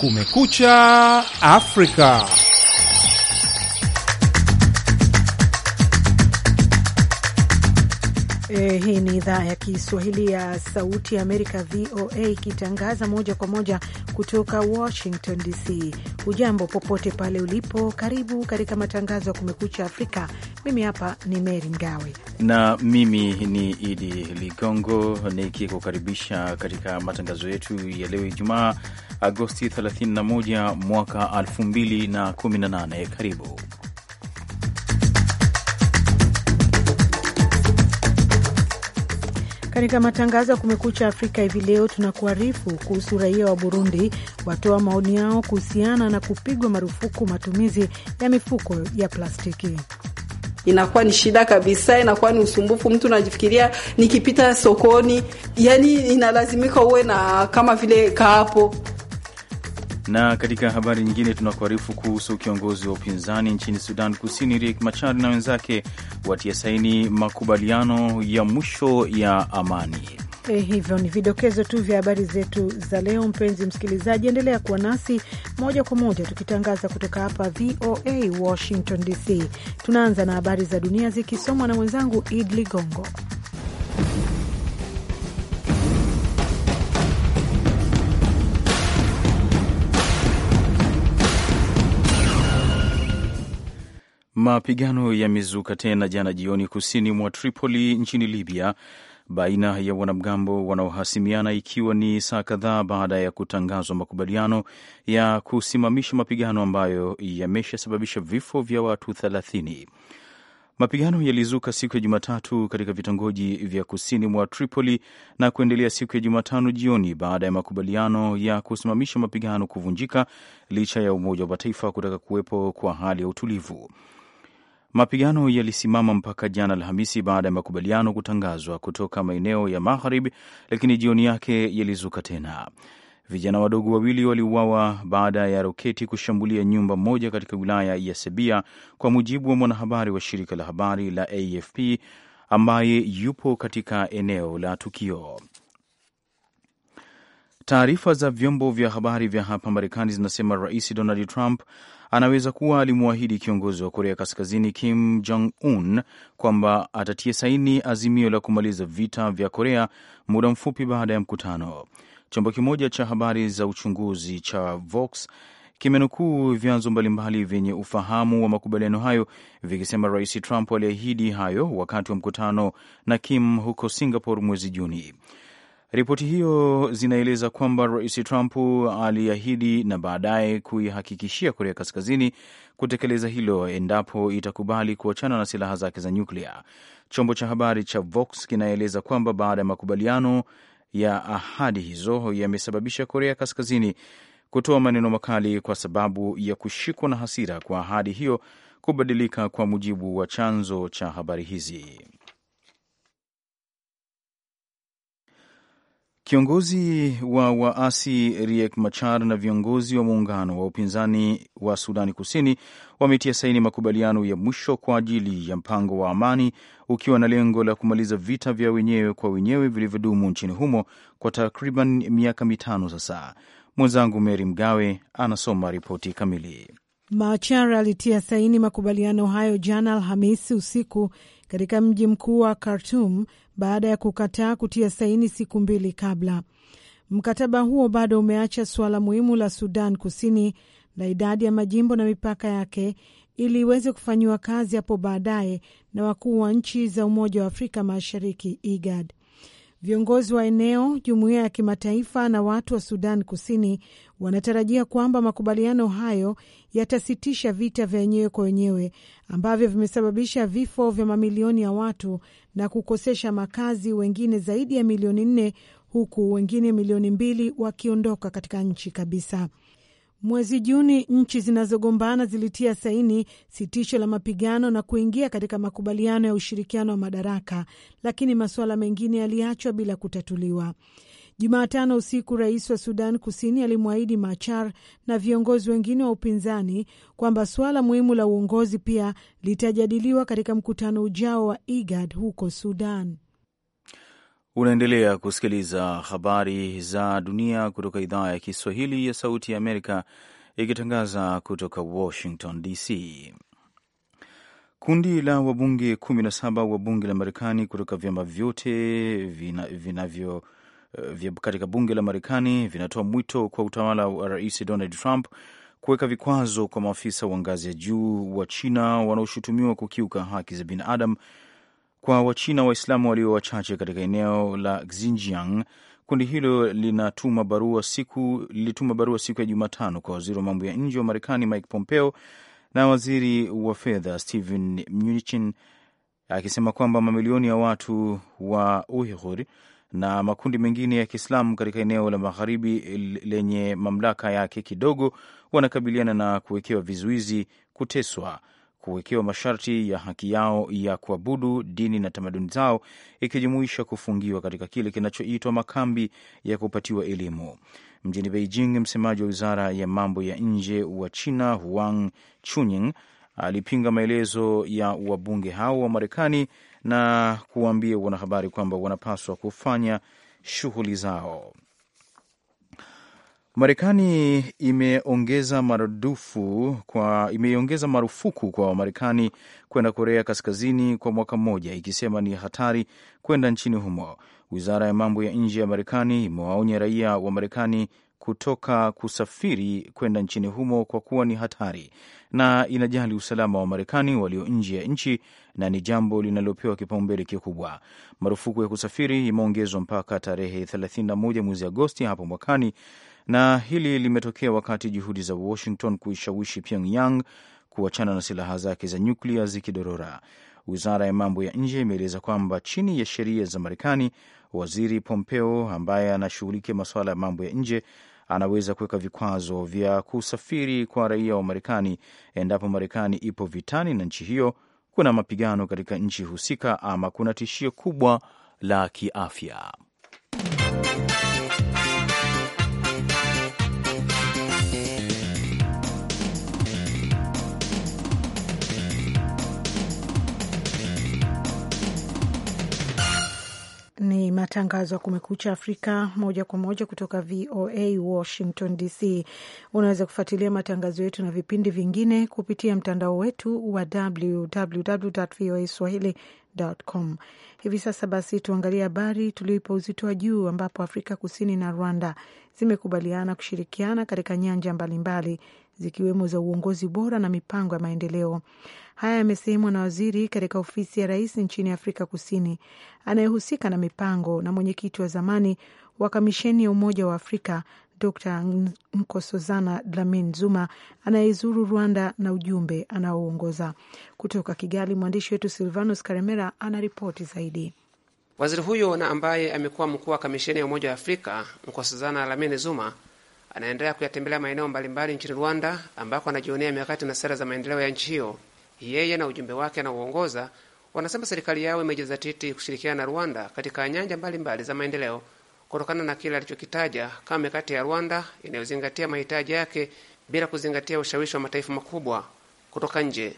Kumekucha Afrika. Eh, hii ni idhaa ya Kiswahili ya Sauti ya Amerika, VOA, ikitangaza moja kwa moja kutoka Washington DC. Hujambo popote pale ulipo, karibu katika matangazo ya Kumekucha Afrika. Mimi hapa ni mery Mgawe na mimi ni Idi Ligongo nikikukaribisha katika matangazo yetu ya leo Ijumaa, Agosti 31 mwaka 2018. Karibu Katika matangazo ya Kumekucha Afrika hivi leo, tunakuarifu kuhusu raia wa Burundi watoa maoni yao kuhusiana na kupigwa marufuku matumizi ya mifuko ya plastiki. Inakuwa ni shida kabisa, inakuwa ni usumbufu. Mtu najifikiria nikipita sokoni, yani inalazimika uwe na kama vile kaapo na katika habari nyingine tunakuarifu kuhusu kiongozi wa upinzani nchini Sudan Kusini Riek Machar na wenzake watia saini makubaliano ya mwisho ya amani. Eh, hivyo ni vidokezo tu vya habari zetu za leo. Mpenzi msikilizaji, endelea kuwa nasi moja kwa moja tukitangaza kutoka hapa VOA Washington DC. Tunaanza na habari za dunia zikisomwa na mwenzangu Id Ligongo. Mapigano yamezuka tena jana jioni kusini mwa Tripoli nchini Libya baina ya wanamgambo wanaohasimiana ikiwa ni saa kadhaa baada ya kutangazwa makubaliano ya kusimamisha mapigano ambayo yameshasababisha vifo vya watu thelathini. Mapigano yalizuka siku ya Jumatatu katika vitongoji vya kusini mwa Tripoli na kuendelea siku ya Jumatano jioni baada ya makubaliano ya kusimamisha mapigano kuvunjika licha ya Umoja wa Mataifa kutaka kuwepo kwa hali ya utulivu. Mapigano yalisimama mpaka jana Alhamisi baada ya makubaliano kutangazwa kutoka maeneo ya magharib lakini jioni yake yalizuka tena. Vijana wadogo wawili waliuawa baada ya roketi kushambulia nyumba moja katika wilaya ya Sebia, kwa mujibu wa mwanahabari wa shirika la habari la AFP ambaye yupo katika eneo la tukio. Taarifa za vyombo vya habari vya hapa Marekani zinasema Rais Donald Trump anaweza kuwa alimwahidi kiongozi wa Korea Kaskazini Kim Jong Un kwamba atatia saini azimio la kumaliza vita vya Korea muda mfupi baada ya mkutano. Chombo kimoja cha habari za uchunguzi cha Vox kimenukuu vyanzo mbalimbali vyenye ufahamu wa makubaliano hayo vikisema Rais Trump aliahidi hayo wakati wa mkutano na Kim huko Singapore mwezi Juni. Ripoti hiyo zinaeleza kwamba Rais Trump aliahidi na baadaye kuihakikishia Korea Kaskazini kutekeleza hilo endapo itakubali kuachana na silaha zake za nyuklia. Chombo cha habari cha Vox kinaeleza kwamba baada ya makubaliano ya ahadi hizo yamesababisha Korea Kaskazini kutoa maneno makali kwa sababu ya kushikwa na hasira kwa ahadi hiyo kubadilika, kwa mujibu wa chanzo cha habari hizi. Kiongozi wa waasi Riek Machar na viongozi wa muungano wa upinzani wa Sudani Kusini wametia saini makubaliano ya mwisho kwa ajili ya mpango wa amani ukiwa na lengo la kumaliza vita vya wenyewe kwa wenyewe vilivyodumu nchini humo kwa takriban miaka mitano sasa. Mwenzangu mery Mgawe anasoma ripoti kamili. Machar alitia saini makubaliano hayo jana Alhamisi usiku katika mji mkuu wa Khartum baada ya kukataa kutia saini siku mbili kabla. Mkataba huo bado umeacha suala muhimu la Sudan Kusini la idadi ya majimbo na mipaka yake ili iweze kufanyiwa kazi hapo baadaye na wakuu wa nchi za Umoja wa Afrika Mashariki, IGAD. Viongozi wa eneo, jumuiya ya kimataifa na watu wa Sudan Kusini wanatarajia kwamba makubaliano hayo yatasitisha vita vya wenyewe kwa wenyewe ambavyo vimesababisha vifo vya mamilioni ya watu na kukosesha makazi wengine zaidi ya milioni nne huku wengine milioni mbili wakiondoka katika nchi kabisa. Mwezi Juni nchi zinazogombana zilitia saini sitisho la mapigano na kuingia katika makubaliano ya ushirikiano wa madaraka, lakini masuala mengine yaliachwa bila kutatuliwa. Jumatano usiku rais wa Sudan Kusini alimwahidi Machar na viongozi wengine wa upinzani kwamba suala muhimu la uongozi pia litajadiliwa katika mkutano ujao wa IGAD huko Sudan. Unaendelea kusikiliza habari za dunia kutoka idhaa ya Kiswahili ya Sauti ya Amerika ikitangaza kutoka Washington DC. Kundi la wabunge 17 wa bunge la Marekani kutoka vyama vyote vinavyo eh, vina uh, katika bunge la Marekani vinatoa mwito kwa utawala wa Rais Donald Trump kuweka vikwazo kwa maafisa wa ngazi ya juu wa China wanaoshutumiwa kukiuka haki za binadamu kwa Wachina Waislamu walio wachache katika eneo la Xinjiang. Kundi hilo linatuma barua siku lilituma barua siku ya Jumatano kwa waziri wa mambo ya nje wa Marekani Mike Pompeo na waziri wa fedha Steven Mnuchin akisema kwamba mamilioni ya watu wa Uighur na makundi mengine ya Kiislamu katika eneo la magharibi lenye mamlaka yake kidogo wanakabiliana na kuwekewa vizuizi, kuteswa kuwekewa masharti ya haki yao ya kuabudu dini na tamaduni zao, ikijumuisha kufungiwa katika kile kinachoitwa makambi ya kupatiwa elimu. Mjini Beijing, msemaji wa wizara ya mambo ya nje wa China Huang Chunying alipinga maelezo ya wabunge hao wa Marekani na kuwaambia wanahabari kwamba wanapaswa kufanya shughuli zao. Marekani imeongeza marudufu kwa imeongeza marufuku kwa Wamarekani kwenda Korea Kaskazini kwa mwaka mmoja, ikisema ni hatari kwenda nchini humo. Wizara ya mambo ya nje ya Marekani imewaonya raia wa Marekani kutoka kusafiri kwenda nchini humo kwa kuwa ni hatari na inajali usalama wa Marekani walio nje ya nchi na ni jambo linalopewa kipaumbele kikubwa. Marufuku ya kusafiri imeongezwa mpaka tarehe 31 mwezi Agosti hapo mwakani na hili limetokea wakati juhudi za Washington kuishawishi Pyongyang kuachana na silaha zake za nyuklia zikidorora. Wizara ya mambo ya nje imeeleza kwamba chini ya sheria za Marekani, waziri Pompeo ambaye anashughulikia masuala ya mambo ya nje anaweza kuweka vikwazo vya kusafiri kwa raia wa Marekani endapo Marekani ipo vitani na nchi hiyo, kuna mapigano katika nchi husika, ama kuna tishio kubwa la kiafya. ni matangazo ya Kumekucha Afrika moja kwa moja kutoka VOA Washington DC. Unaweza kufuatilia matangazo yetu na vipindi vingine kupitia mtandao wetu wa www voa swahili com. Hivi sasa basi, tuangalie habari tulioipa uzito wa juu, ambapo Afrika Kusini na Rwanda zimekubaliana kushirikiana katika nyanja mbalimbali zikiwemo za uongozi bora na mipango ya maendeleo. Haya yamesemwa na waziri katika ofisi ya rais nchini Afrika Kusini anayehusika na mipango na mwenyekiti wa zamani wa kamisheni ya Umoja wa Afrika Dr Nkosozana Dlamini Zuma anayezuru Rwanda na ujumbe anaoongoza. Kutoka Kigali, mwandishi wetu Silvanus Karemera anaripoti zaidi. Waziri huyo na ambaye amekuwa mkuu wa kamisheni ya Umoja wa Afrika, Nkosozana Dlamini Zuma anaendelea kuyatembelea maeneo mbalimbali nchini Rwanda ambako anajionea mikakati na sera za maendeleo ya nchi hiyo. Yeye na ujumbe wake anaoongoza wanasema serikali yao imejizatiti kushirikiana na Rwanda katika nyanja mbalimbali mbali za maendeleo kutokana na kile alichokitaja kama kati ya Rwanda inayozingatia mahitaji yake bila kuzingatia ushawishi wa mataifa makubwa kutoka nje.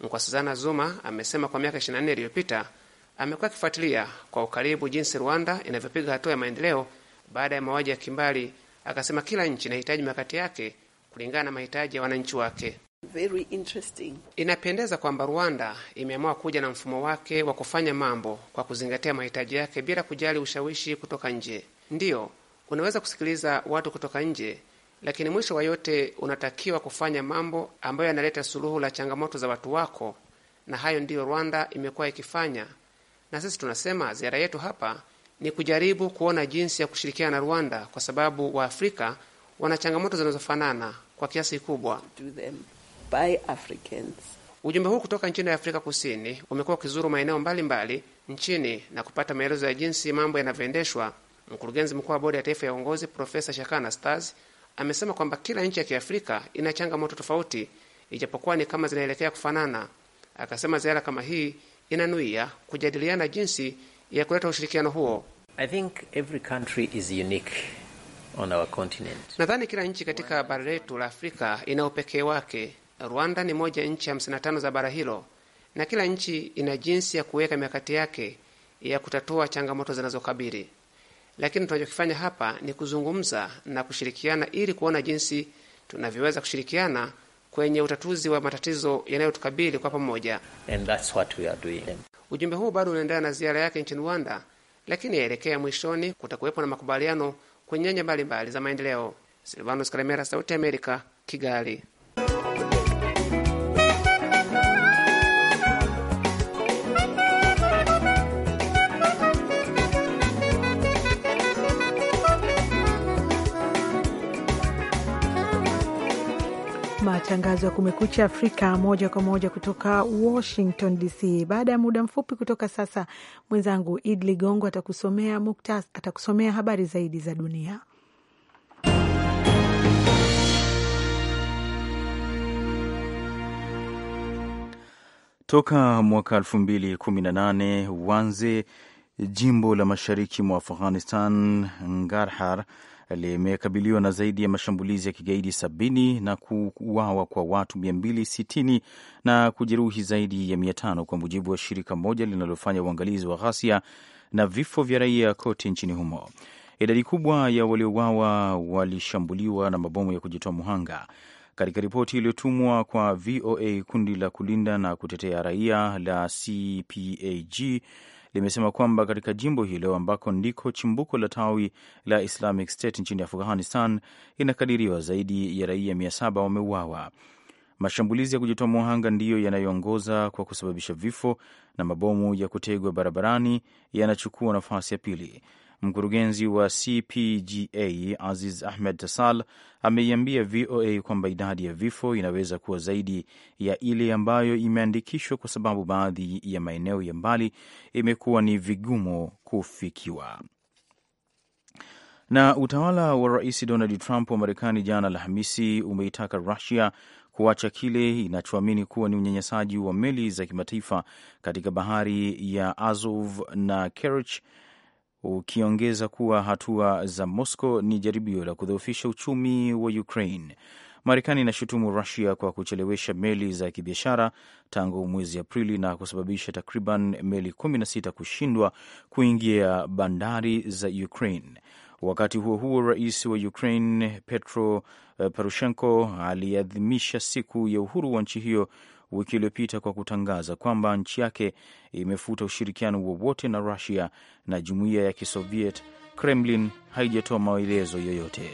Nkwasizana Zuma amesema kwa miaka 24 iliyopita amekuwa akifuatilia kwa ukaribu jinsi Rwanda inavyopiga hatua ya maendeleo baada ya mauaji ya kimbali. Akasema kila nchi inahitaji mikakati yake kulingana na mahitaji ya wananchi wake. Very interesting. Inapendeza kwamba Rwanda imeamua kuja na mfumo wake wa kufanya mambo kwa kuzingatia mahitaji yake bila kujali ushawishi kutoka nje. Ndiyo, unaweza kusikiliza watu kutoka nje, lakini mwisho wa yote unatakiwa kufanya mambo ambayo yanaleta suluhu la changamoto za watu wako, na hayo ndiyo Rwanda imekuwa ikifanya, na sisi tunasema ziara yetu hapa ni kujaribu kuona jinsi ya kushirikiana na Rwanda kwa sababu Waafrika wana changamoto zinazofanana kwa kiasi kikubwa by Africans. Ujumbe huu kutoka nchini Afrika Kusini umekuwa ukizuru maeneo mbalimbali nchini na kupata maelezo ya jinsi mambo yanavyoendeshwa. Mkurugenzi mkuu wa Bodi ya Taifa ya Uongozi Profesa Shakana Stars amesema kwamba kila nchi ya Kiafrika ina changamoto tofauti, ijapokuwa ni kama zinaelekea kufanana. Akasema ziara kama hii inanuia kujadiliana jinsi ya kuleta ushirikiano huo. Nadhani kila nchi katika bara letu la Afrika ina upekee wake Rwanda ni moja ya nchi 55 za bara hilo na kila nchi ina jinsi ya kuweka mikakati yake ya kutatua changamoto zinazokabili, lakini tunachokifanya hapa ni kuzungumza na kushirikiana ili kuona jinsi tunavyoweza kushirikiana kwenye utatuzi wa matatizo yanayotukabili kwa pamoja. Ujumbe huu bado unaendelea na ziara yake nchini Rwanda, lakini yaelekea mwishoni kutakuwepo na makubaliano kwenye nyanja mbalimbali za maendeleo. Silvanus Sauti ya Amerika, Kigali. matangazo ya Kumekucha Afrika moja kwa moja kutoka Washington DC. Baada ya muda mfupi kutoka sasa, mwenzangu Id Ligongo atakusomea muktas, atakusomea habari zaidi za dunia. Toka mwaka 2018 Wanze, jimbo la mashariki mwa Afghanistan, Ngarhar limekabiliwa na zaidi ya mashambulizi ya kigaidi sabini na kuuawa kwa watu 260 na kujeruhi zaidi ya 500 kwa mujibu wa shirika moja linalofanya uangalizi wa ghasia na vifo vya raia kote nchini humo. Idadi kubwa ya waliouawa walishambuliwa na mabomu ya kujitoa muhanga. Katika ripoti iliyotumwa kwa VOA, kundi la kulinda na kutetea raia la CPAG limesema kwamba katika jimbo hilo ambako ndiko chimbuko la tawi la Islamic State nchini Afghanistan, inakadiriwa zaidi ya raia mia saba wameuawa. Mashambulizi ya kujitoa muhanga ndiyo yanayoongoza kwa kusababisha vifo na mabomu ya kutegwa barabarani yanachukua nafasi ya pili. Mkurugenzi wa CPGA Aziz Ahmed Tasal ameiambia VOA kwamba idadi ya vifo inaweza kuwa zaidi ya ile ambayo imeandikishwa kwa sababu baadhi ya maeneo ya mbali imekuwa ni vigumu kufikiwa. Na utawala wa Rais Donald Trump wa Marekani jana Alhamisi umeitaka Rusia kuacha kile inachoamini kuwa ni unyanyasaji wa meli za kimataifa katika bahari ya Azov na Kerch ukiongeza kuwa hatua za Moscow ni jaribio la kudhoofisha uchumi wa Ukraine. Marekani inashutumu Rusia kwa kuchelewesha meli za kibiashara tangu mwezi Aprili na kusababisha takriban meli 16 kushindwa kuingia bandari za Ukraine. Wakati huo huo, rais wa Ukraine Petro eh, Poroshenko aliadhimisha siku ya uhuru wa nchi hiyo wiki iliyopita kwa kutangaza kwamba nchi yake imefuta ushirikiano wowote na Rusia na jumuiya ya Kisoviet. Kremlin haijatoa maelezo yoyote.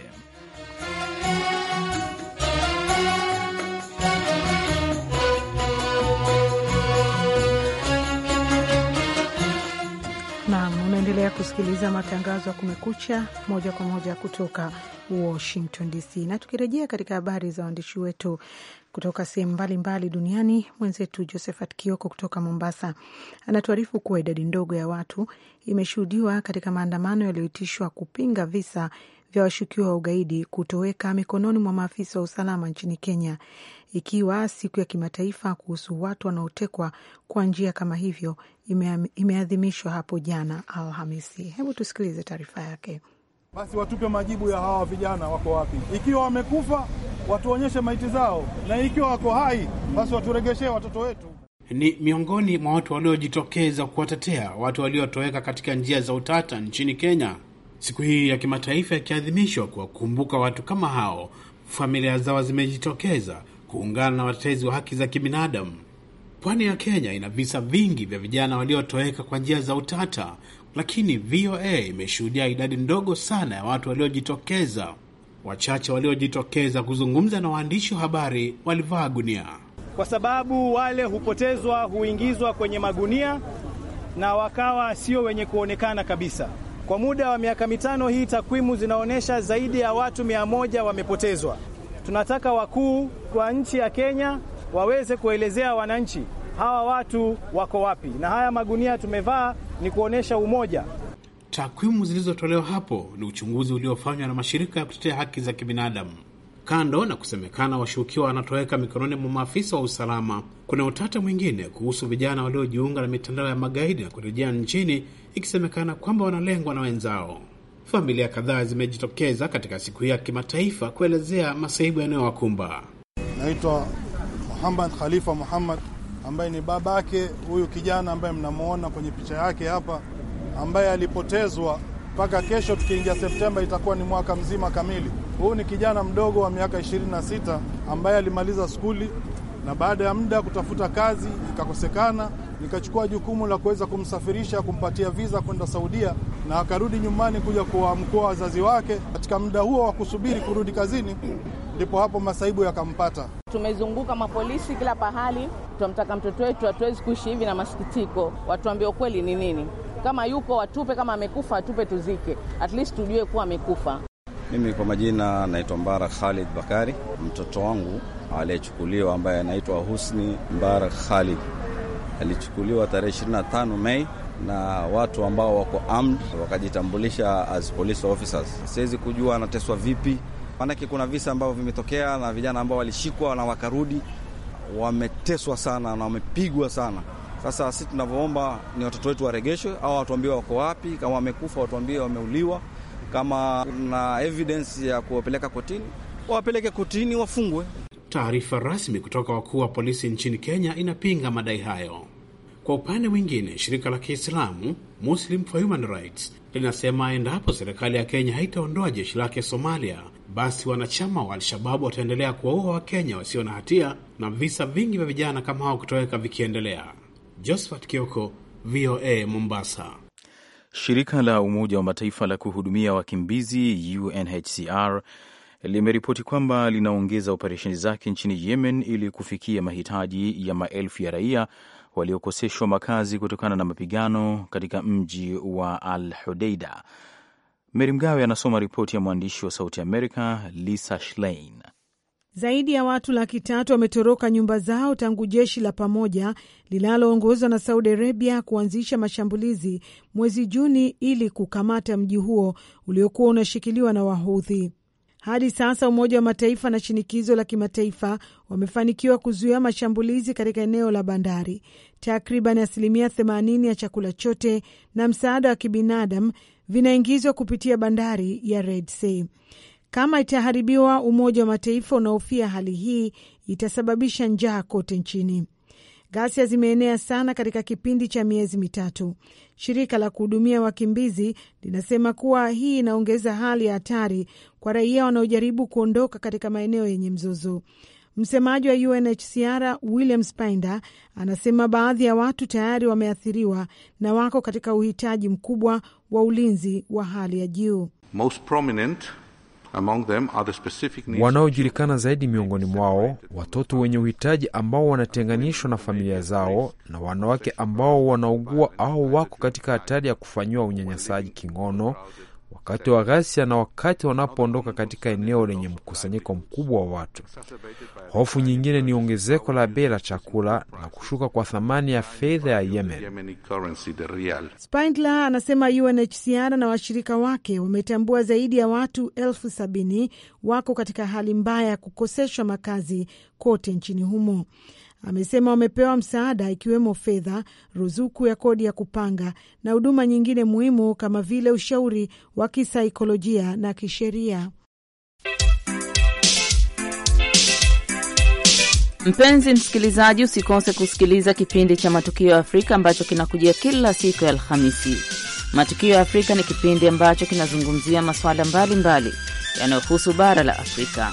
Naam, unaendelea kusikiliza matangazo ya Kumekucha moja kwa moja kutoka Washington DC. Na tukirejea katika habari za waandishi wetu, kutoka sehemu mbalimbali duniani. Mwenzetu Josephat Kioko kutoka Mombasa anatuarifu kuwa idadi ndogo ya watu imeshuhudiwa katika maandamano yaliyoitishwa kupinga visa vya washukiwa wa ugaidi kutoweka mikononi mwa maafisa wa usalama nchini Kenya, ikiwa siku ya kimataifa kuhusu watu wanaotekwa kwa njia kama hivyo imeadhimishwa hapo jana Alhamisi. Hebu tusikilize taarifa yake basi watupe majibu ya hawa vijana wako wapi. Ikiwa wamekufa watuonyeshe maiti zao, na ikiwa wako hai basi waturegeshee watoto wetu. Ni miongoni mwa watu waliojitokeza kuwatetea watu waliotoweka katika njia za utata nchini Kenya, siku hii ya kimataifa ikiadhimishwa kuwakumbuka watu kama hao. Familia zao zimejitokeza kuungana na watetezi wa haki za kibinadamu. Pwani ya Kenya ina visa vingi vya vijana waliotoweka kwa njia za utata lakini VOA imeshuhudia idadi ndogo sana ya watu waliojitokeza. Wachache waliojitokeza kuzungumza na waandishi wa habari walivaa gunia, kwa sababu wale hupotezwa huingizwa kwenye magunia na wakawa sio wenye kuonekana kabisa. Kwa muda wa miaka mitano hii, takwimu zinaonyesha zaidi ya watu mia moja wamepotezwa. Tunataka wakuu wa nchi ya Kenya waweze kuelezea wananchi hawa watu wako wapi, na haya magunia tumevaa ni kuonyesha umoja. Takwimu zilizotolewa hapo ni uchunguzi uliofanywa na mashirika ya kutetea haki za kibinadamu. Kando na kusemekana washukiwa wanatoweka mikononi mwa maafisa wa usalama, kuna utata mwingine kuhusu vijana waliojiunga na mitandao ya magaidi na kurejea nchini, ikisemekana kwamba wanalengwa na wenzao. Familia kadhaa zimejitokeza katika siku hii ya kimataifa kuelezea masaibu yanayowakumba. Naitwa Muhammad Khalifa Muhammad ambaye ni babake huyu kijana ambaye mnamuona kwenye picha yake hapa, ambaye alipotezwa mpaka kesho tukiingia Septemba itakuwa ni mwaka mzima kamili. Huyu ni kijana mdogo wa miaka 26 ambaye alimaliza skuli na baada ya muda kutafuta kazi ikakosekana, nikachukua jukumu la kuweza kumsafirisha kumpatia viza kwenda Saudia, na akarudi nyumbani kuja kuwaamkoa wazazi wake. Katika muda huo wa kusubiri kurudi kazini, ndipo hapo masaibu yakampata. Tumezunguka mapolisi kila pahali, tunamtaka mtoto wetu, hatuwezi kuishi hivi na masikitiko, watuambie ukweli ni nini. Kama yuko watupe, kama amekufa atupe, tuzike, at least tujue kuwa amekufa. Mimi kwa majina naitwa Mbarak Khalid Bakari. Mtoto wangu aliyechukuliwa ambaye anaitwa Husni Mbarak Khalid alichukuliwa tarehe 25 Mei na watu ambao wako armed, wakajitambulisha as police officers. Siwezi kujua anateswa vipi maanake kuna visa ambavyo vimetokea na vijana ambao walishikwa na wakarudi wameteswa sana na wamepigwa sana. Sasa sisi tunavyoomba ni watoto wetu waregeshwe, au watuambie wako wapi, kama wamekufa watuambie wameuliwa, kama na evidence ya kuwapeleka kotini wawapeleke kotini, wafungwe. Taarifa rasmi kutoka wakuu wa polisi nchini Kenya inapinga madai hayo. Kwa upande mwingine, shirika la Kiislamu Muslim for Human Rights linasema endapo serikali ya Kenya haitaondoa jeshi lake Somalia, basi wanachama wa Al-Shababu wataendelea kuwaua Wakenya wasio na hatia na visa vingi vya vijana kama hao kutoweka vikiendelea. Josephat Kioko, VOA Mombasa. Shirika la Umoja wa Mataifa la kuhudumia wakimbizi UNHCR limeripoti kwamba linaongeza operesheni zake nchini Yemen ili kufikia mahitaji ya maelfu ya raia waliokoseshwa makazi kutokana na mapigano katika mji wa Al Hudeida Meri Mgawe anasoma ripoti ya mwandishi wa Sauti Amerika Lisa Schlein. Zaidi ya watu laki tatu wametoroka nyumba zao tangu jeshi la pamoja linaloongozwa na Saudi Arabia kuanzisha mashambulizi mwezi Juni ili kukamata mji huo uliokuwa unashikiliwa na Wahudhi. Hadi sasa Umoja wa Mataifa na shinikizo la kimataifa wamefanikiwa kuzuia mashambulizi katika eneo la bandari. Takriban asilimia 80 ya chakula chote na msaada wa kibinadamu vinaingizwa kupitia bandari ya Red Sea. Kama itaharibiwa, Umoja wa Mataifa unaofia hali hii itasababisha njaa kote nchini. Ghasia zimeenea sana katika kipindi cha miezi mitatu. Shirika la kuhudumia wakimbizi linasema kuwa hii inaongeza hali ya hatari kwa raia wanaojaribu kuondoka katika maeneo yenye mzozo. Msemaji wa UNHCR William Spinder anasema baadhi ya watu tayari wameathiriwa na wako katika uhitaji mkubwa wa ulinzi wa hali ya juu. Wanaojulikana zaidi miongoni mwao, watoto wenye uhitaji ambao wanatenganishwa na familia zao na wanawake ambao wanaugua au wako katika hatari ya kufanyiwa unyanyasaji kingono wakati wa ghasia na wakati wanapoondoka katika eneo lenye mkusanyiko mkubwa wa watu. Hofu nyingine ni ongezeko la bei la chakula na kushuka kwa thamani ya fedha ya Yemen. Spindler anasema UNHCR na washirika wake wametambua zaidi ya watu elfu sabini wako katika hali mbaya ya kukoseshwa makazi kote nchini humo amesema wamepewa msaada ikiwemo fedha, ruzuku ya kodi ya kupanga na huduma nyingine muhimu kama vile ushauri wa kisaikolojia na kisheria. Mpenzi msikilizaji, usikose kusikiliza kipindi cha Matukio ya Afrika ambacho kinakujia kila siku ya Alhamisi. Matukio ya Afrika ni kipindi ambacho kinazungumzia masuala mbalimbali yanayohusu bara la Afrika.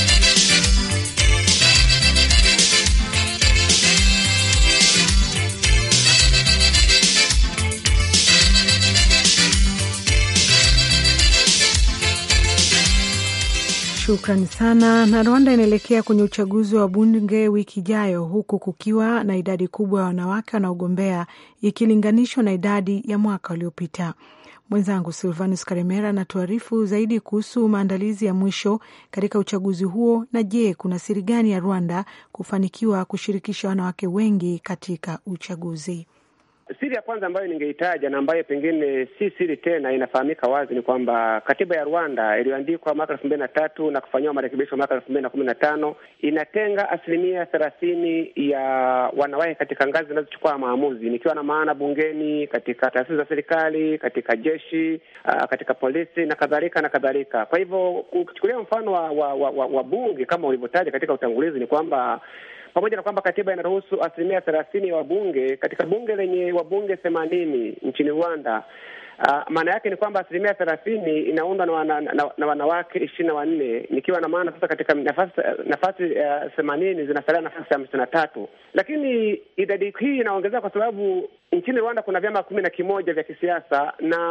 Shukran sana. Na Rwanda inaelekea kwenye uchaguzi wa bunge wiki ijayo, huku kukiwa na idadi kubwa ya wanawake wanaogombea ikilinganishwa na idadi ya mwaka uliopita. Mwenzangu Silvanus Karemera anatuarifu zaidi kuhusu maandalizi ya mwisho katika uchaguzi huo, na je, kuna siri gani ya Rwanda kufanikiwa kushirikisha wanawake wengi katika uchaguzi? siri ya kwanza ambayo ningeitaja na ambayo pengine si siri tena, inafahamika wazi ni kwamba katiba ya Rwanda iliyoandikwa mwaka elfu mbili na tatu na kufanyiwa marekebisho mwaka elfu mbili na kumi na tano inatenga asilimia thelathini ya wanawake katika ngazi zinazochukua maamuzi, nikiwa na maana bungeni, katika taasisi za serikali, katika jeshi, ah, katika polisi na kadhalika na kadhalika. Kwa hivyo ukichukulia mfano wa, wa, wa, wa, wa bunge kama ulivyotaja katika utangulizi ni kwamba pamoja na kwamba katiba inaruhusu asilimia thelathini ya wabunge katika bunge lenye wabunge themanini nchini Rwanda. Uh, maana yake ni kwamba asilimia thelathini inaundwa na, wana, na, na wanawake ishirini na wanne nikiwa na maana sasa katika nafasi uh, themanini uh, zinasalia nafasi hamsini na tatu, lakini idadi hii inaongezeka kwa sababu nchini Rwanda kuna vyama kumi na kimoja vya kisiasa na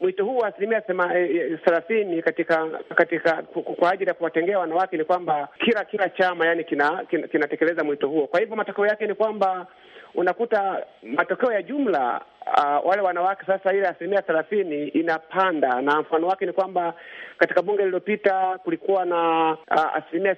mwito huu wa asilimia eh, eh, thelathini katika katika kwa ajili ya kuwatengea wanawake ni kwamba kila kila chama yani kinatekeleza kina, kina mwito huo. Kwa hivyo matokeo yake ni kwamba unakuta matokeo ya jumla uh, wale wanawake sasa, ile asilimia thelathini inapanda, na mfano wake ni kwamba katika bunge lililopita kulikuwa na uh, asilimia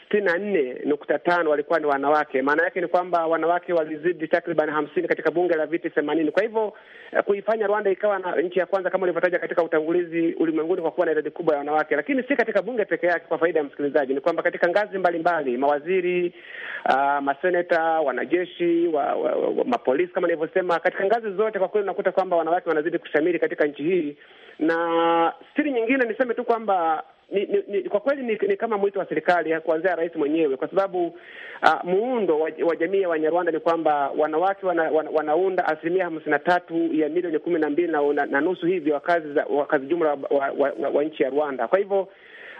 sitini na nne nukta tano walikuwa ni wanawake. Maana yake ni kwamba wanawake walizidi takriban hamsini katika bunge la viti themanini. Kwa hivyo uh, kuifanya Rwanda ikawa na nchi ya kwanza kama ulivyotaja katika utangulizi ulimwenguni kwa kuwa na idadi kubwa ya wanawake, lakini si katika bunge peke yake. Kwa faida ya msikilizaji ni kwamba katika ngazi mbalimbali mbali, mawaziri uh, maseneta, wanajeshi wa, wa, wa, wa, mapolisi kama nilivyosema, katika ngazi zote zote kwa kweli unakuta kwamba wanawake wanazidi kushamiri katika nchi hii, na siri nyingine niseme tu kwamba ni, ni, ni, kwa kweli ni, ni kama mwito wa serikali kuanzia rais mwenyewe, kwa sababu uh, muundo wa, jamii ya Wanyarwanda ni kwamba wanawake wana, wana, wanaunda asilimia hamsini na tatu ya milioni kumi na mbili na, na, na nusu hivi wakazi jumla wa, wa, wa, wa nchi ya Rwanda. Kwa hivyo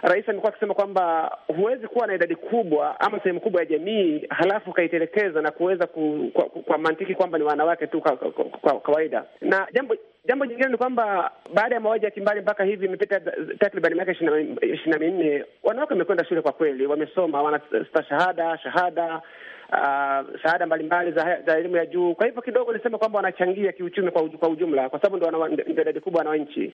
rais amekuwa akisema kwamba huwezi kuwa na idadi kubwa ama sehemu kubwa ya jamii halafu ukaitelekeza na kuweza ku, kwa, kwa mantiki kwamba ni wanawake tu kwa, kwa, kwa kawaida. Na jambo jambo jingine ni kwamba baada ya mauaji ya kimbali mpaka hivi imepita takriban miaka ishirini na minne, wanawake wamekwenda shule kwa kweli, wamesoma, wanastashahada shahada Uh, shahada mbalimbali za, elimu ya juu. Kwa hivyo kidogo nisema kwamba wanachangia kiuchumi kwa, ujumla, kwa sababu ndo idadi kubwa wananchi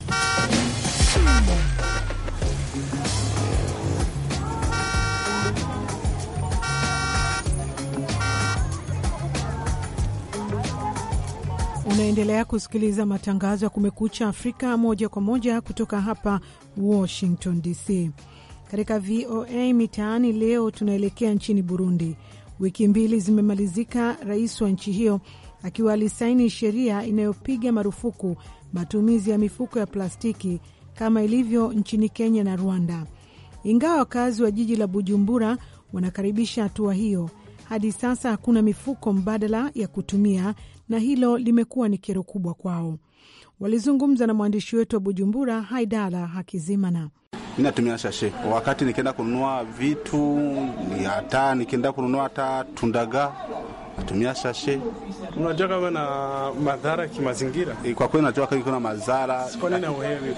Unaendelea kusikiliza matangazo ya Kumekucha Afrika moja kwa moja kutoka hapa Washington DC. Katika VOA Mitaani leo tunaelekea nchini Burundi. Wiki mbili zimemalizika, rais wa nchi hiyo akiwa alisaini sheria inayopiga marufuku matumizi ya mifuko ya plastiki kama ilivyo nchini Kenya na Rwanda, ingawa wakazi wa jiji la Bujumbura wanakaribisha hatua hiyo hadi sasa hakuna mifuko mbadala ya kutumia, na hilo limekuwa ni kero kubwa kwao. Walizungumza na mwandishi wetu wa Bujumbura, Haidala Hakizimana. Mi natumia shashe wakati nikienda kununua vitu, hata nikienda kununua hata tundaga natumia shashe. Unajua kama na madhara kimazingira? Kwa kweli najua iko madhara.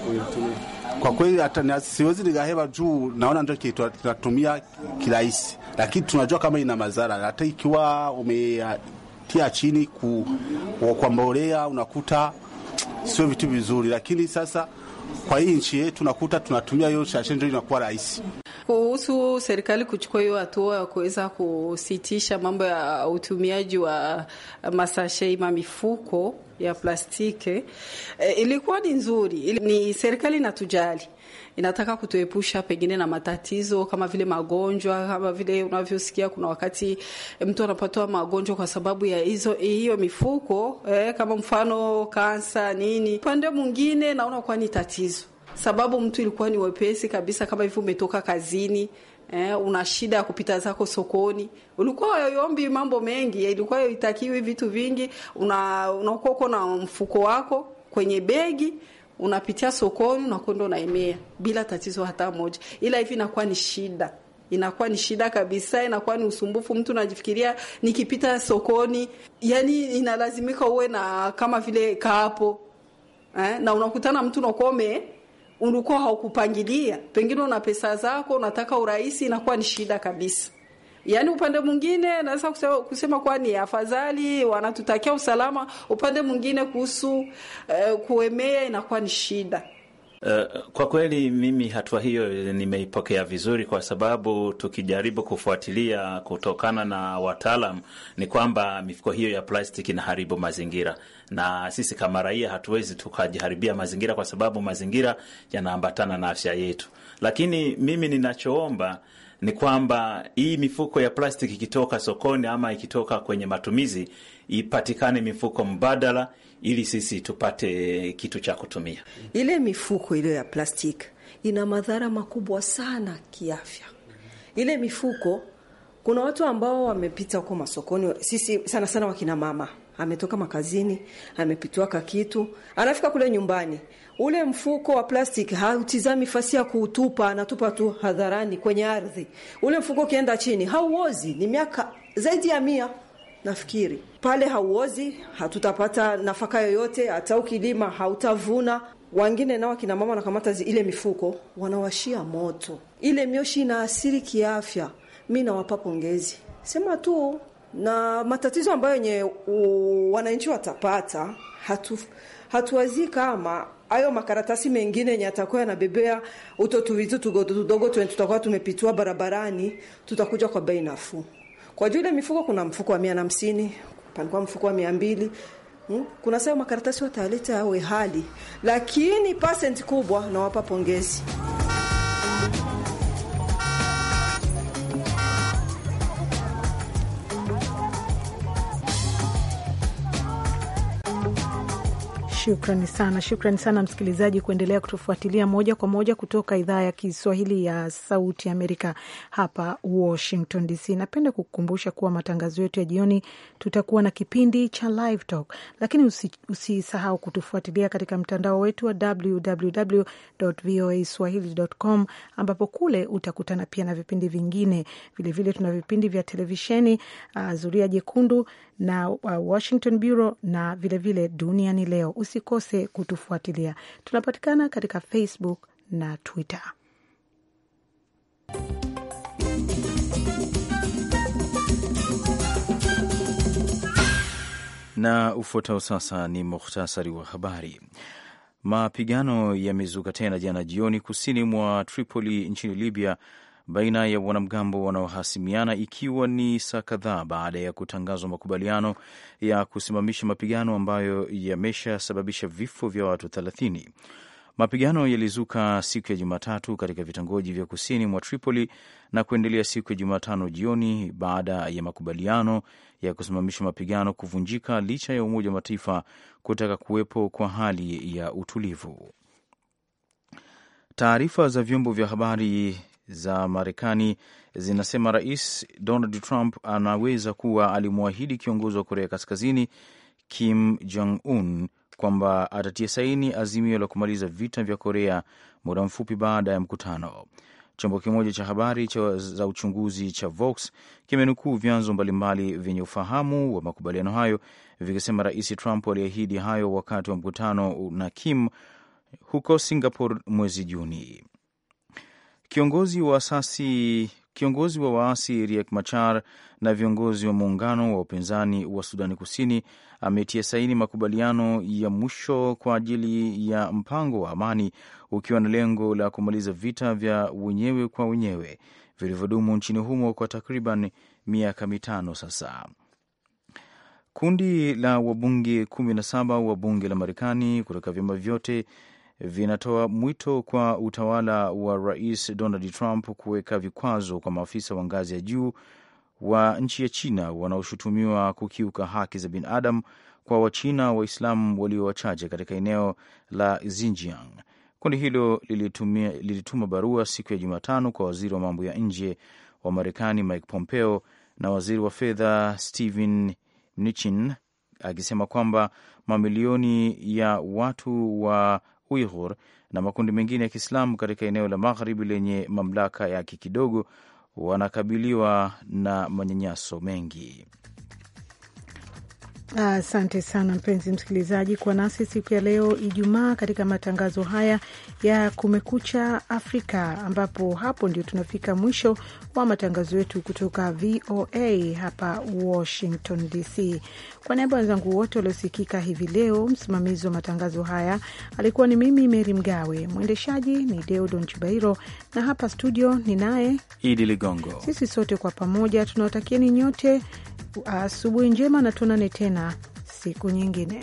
kuitumia? Kwa kweli siwezi nikaheba juu naona ndio kitu tunatumia kirahisi, lakini tunajua kama ina madhara, hata ikiwa umetia chini ku, kwa mbolea unakuta sio vitu vizuri, lakini sasa kwa hii nchi yetu nakuta tunatumia hiyo shashe ndio inakuwa rahisi. Kuhusu serikali kuchukua hiyo hatua ya kuweza kusitisha mambo ya utumiaji wa masashe ima mifuko ya plastiki e, ilikuwa ni nzuri ili, ni serikali inatujali inataka kutuepusha pengine na matatizo kama vile magonjwa, kama vile unavyosikia kuna wakati eh, mtu anapatwa magonjwa kwa sababu ya hizo hiyo mifuko eh, kama mfano kansa nini. Upande mwingine naona kuwa ni tatizo, sababu mtu ilikuwa ni wepesi kabisa, kama hivyo umetoka kazini eh, una shida ya kupita zako sokoni, ulikuwa yoyombi mambo mengi, ilikuwa itakiwi vitu vingi, unakuwa uko na mfuko wako kwenye begi unapitia sokoni unakwenda unaemea bila tatizo hata moja, ila hivi inakuwa ni shida, inakuwa ni shida kabisa, inakuwa ni usumbufu. Mtu unajifikiria nikipita sokoni, yani inalazimika uwe na kama vile kaapo eh, na unakutana mtu unakuwa ume ulikuwa haukupangilia, pengine una pesa zako, unataka urahisi, inakuwa ni shida kabisa. Yaani upande mwingine naweza kusema, kusema kuwa ni afadhali wanatutakia usalama, upande mwingine kuhusu eh, kuemea inakuwa ni shida. Eh, kwa kweli mimi hatua hiyo nimeipokea vizuri, kwa sababu tukijaribu kufuatilia kutokana na wataalam ni kwamba mifuko hiyo ya plastiki inaharibu mazingira, na sisi kama raia hatuwezi tukajiharibia mazingira, kwa sababu mazingira yanaambatana na afya yetu. Lakini mimi ninachoomba ni kwamba hii mifuko ya plastiki ikitoka sokoni ama ikitoka kwenye matumizi, ipatikane mifuko mbadala ili sisi tupate kitu cha kutumia. Ile mifuko ile ya plastiki ina madhara makubwa sana kiafya. Ile mifuko, kuna watu ambao wamepita huko masokoni, sisi sana sana wakina mama ametoka makazini, amepitwaka kitu, anafika kule nyumbani, ule mfuko wa plastiki hautizami fasi ya kuutupa, anatupa tu hadharani kwenye ardhi. Ule mfuko ukienda chini hauozi, ni miaka zaidi ya mia nafikiri pale hauozi, hatutapata nafaka yoyote, hata ukilima hautavuna. Wengine nao akina mama wanakamata ile mifuko wanawashia moto, ile mioshi inaathiri kiafya. Mi nawapa pongezi, sema tu na matatizo ambayo yenye wananchi watapata hatu, hatuwazii kama hayo makaratasi mengine yenye atakuwa yanabebea utotuvitu tudogo tutakuwa tumepitua barabarani, tutakuja kwa bei nafuu. Kwa juu ile mifuko, kuna mfuko wa mia na hamsini, palikuwa mfuko wa mia mbili hmm? kuna sema makaratasi wataleta awe hali, lakini pasenti kubwa nawapa pongezi. Shukrani sana, shukrani sana msikilizaji, kuendelea kutufuatilia moja kwa moja kutoka idhaa ya Kiswahili ya Sauti Amerika hapa Washington DC. Napenda kukukumbusha kuwa matangazo yetu ya jioni tutakuwa na kipindi cha Live Talk, lakini usisahau usi kutufuatilia katika mtandao wetu wa www voa swahili.com, ambapo kule utakutana pia na vipindi vingine vilevile. Tuna vipindi vya televisheni uh, ah, Zulia Jekundu na uh, Washington Bureau na vilevile Duniani Leo. Usikose kutufuatilia, tunapatikana katika Facebook na Twitter. Na ufuatao sasa ni muhtasari wa habari. Mapigano yamezuka tena jana jioni kusini mwa Tripoli nchini Libya baina ya wanamgambo wanaohasimiana ikiwa ni saa kadhaa baada ya kutangazwa makubaliano ya kusimamisha mapigano ambayo yameshasababisha vifo vya watu thelathini Mapigano yalizuka siku ya Jumatatu katika vitongoji vya kusini mwa Tripoli na kuendelea siku ya Jumatano jioni baada ya makubaliano ya kusimamisha mapigano kuvunjika licha ya Umoja wa Mataifa kutaka kuwepo kwa hali ya utulivu. Taarifa za vyombo vya habari za Marekani zinasema Rais Donald Trump anaweza kuwa alimwahidi kiongozi wa Korea Kaskazini Kim Jong Un kwamba atatia saini azimio la kumaliza vita vya Korea muda mfupi baada ya mkutano. Chombo kimoja cha habari cha za uchunguzi cha Vox kimenukuu vyanzo mbalimbali vyenye ufahamu wa makubaliano hayo vikisema Rais Trump aliahidi hayo wakati wa mkutano na Kim huko Singapore mwezi Juni. Kiongozi wa asasi kiongozi wa waasi Riek Machar na viongozi wa muungano wa upinzani wa Sudani Kusini ametia saini makubaliano ya mwisho kwa ajili ya mpango wa amani ukiwa na lengo la kumaliza vita vya wenyewe kwa wenyewe vilivyodumu nchini humo kwa takriban miaka mitano sasa. Kundi la wabunge 17 wa bunge la Marekani kutoka vyama vyote vinatoa mwito kwa utawala wa Rais Donald Trump kuweka vikwazo kwa maafisa wa ngazi ya juu wa nchi ya China wanaoshutumiwa kukiuka haki za binadamu kwa Wachina Waislamu walio wachache katika eneo la Xinjiang. Kundi hilo lilitumia, lilituma barua siku ya Jumatano kwa waziri wa mambo ya nje wa Marekani Mike Pompeo na waziri wa fedha Steven Mnuchin akisema kwamba mamilioni ya watu wa Uighur na makundi mengine ya Kiislamu katika eneo la magharibi lenye mamlaka yake kidogo wanakabiliwa na manyanyaso mengi. Asante sana mpenzi msikilizaji, kwa nasi siku ya leo Ijumaa katika matangazo haya ya Kumekucha Afrika, ambapo hapo ndio tunafika mwisho wa matangazo yetu kutoka VOA hapa Washington DC. Kwa niaba ya wenzangu wote waliosikika hivi leo, msimamizi wa matangazo haya alikuwa ni mimi Meri Mgawe, mwendeshaji ni Deodon Chubairo, na hapa studio ni naye Idi Ligongo. Sisi sote kwa pamoja tunawatakieni nyote asubuhi njema na tuonane tena siku nyingine.